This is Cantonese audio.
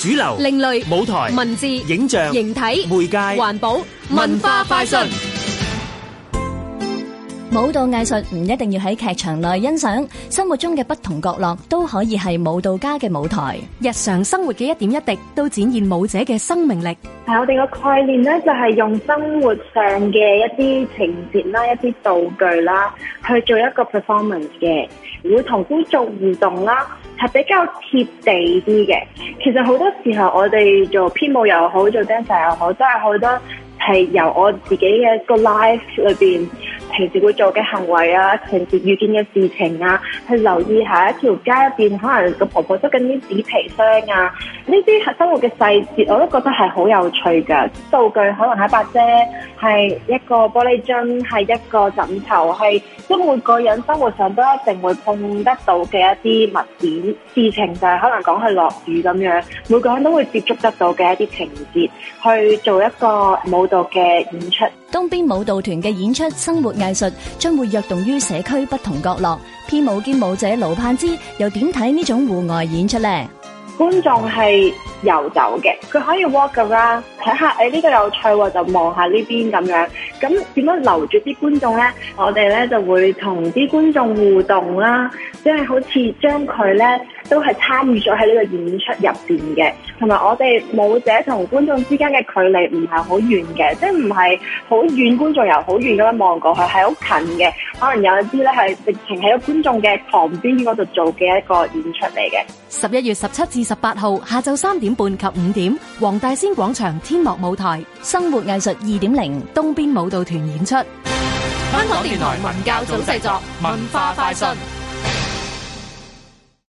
主流、另類舞台、文字、影像、形體、媒介、環保、文化快訊。舞蹈藝術唔一定要喺劇場內欣賞，生活中嘅不同角落都可以係舞蹈家嘅舞台。日常生活嘅一點一滴都展現舞者嘅生命力。係我哋個概念咧，就係用生活上嘅一啲情節啦、一啲道具啦，去做一個 performance 嘅，會同觀眾互動啦，係比較貼地啲嘅。其實好多時候，我哋做編舞又好，做 dancer 又好，都係好多係由我自己嘅個 life 裏面。平時會做嘅行為啊，平時遇見嘅事情啊，去留意下一條街入邊，可能個婆婆執緊啲紙皮箱啊，呢啲生活嘅細節我都覺得係好有趣噶。道具可能喺八姐係一個玻璃樽，係一個枕頭，係即每個人生活上都一定會碰得到嘅一啲物件。事情就係可能講係落雨咁樣，每個人都會接觸得到嘅一啲情節，去做一個舞蹈嘅演出。東邊舞蹈團嘅演出，生活藝術將會躍動於社區不同角落。編舞兼舞者盧盼之又點睇呢種戶外演出咧？觀眾係游走嘅，佢可以 walk 㗎啦。睇下，誒呢個有趣喎，就望下呢邊咁樣。咁點樣留住啲觀眾呢？我哋咧就會同啲觀眾互動啦，即係好似將佢呢都係參與咗喺呢個演出入邊嘅。同埋我哋舞者同觀眾之間嘅距離唔係好遠嘅，即係唔係好遠，觀眾又好遠咁樣望過去係好近嘅。可能有一啲咧係直情喺個觀眾嘅旁邊嗰度做嘅一個演出嚟嘅。十一月十七至十八號下晝三點半及五點，黃大仙廣場天音樂舞台，生活藝術二點零，東邊舞蹈團演出。香港電台文教組製作，文化快訊。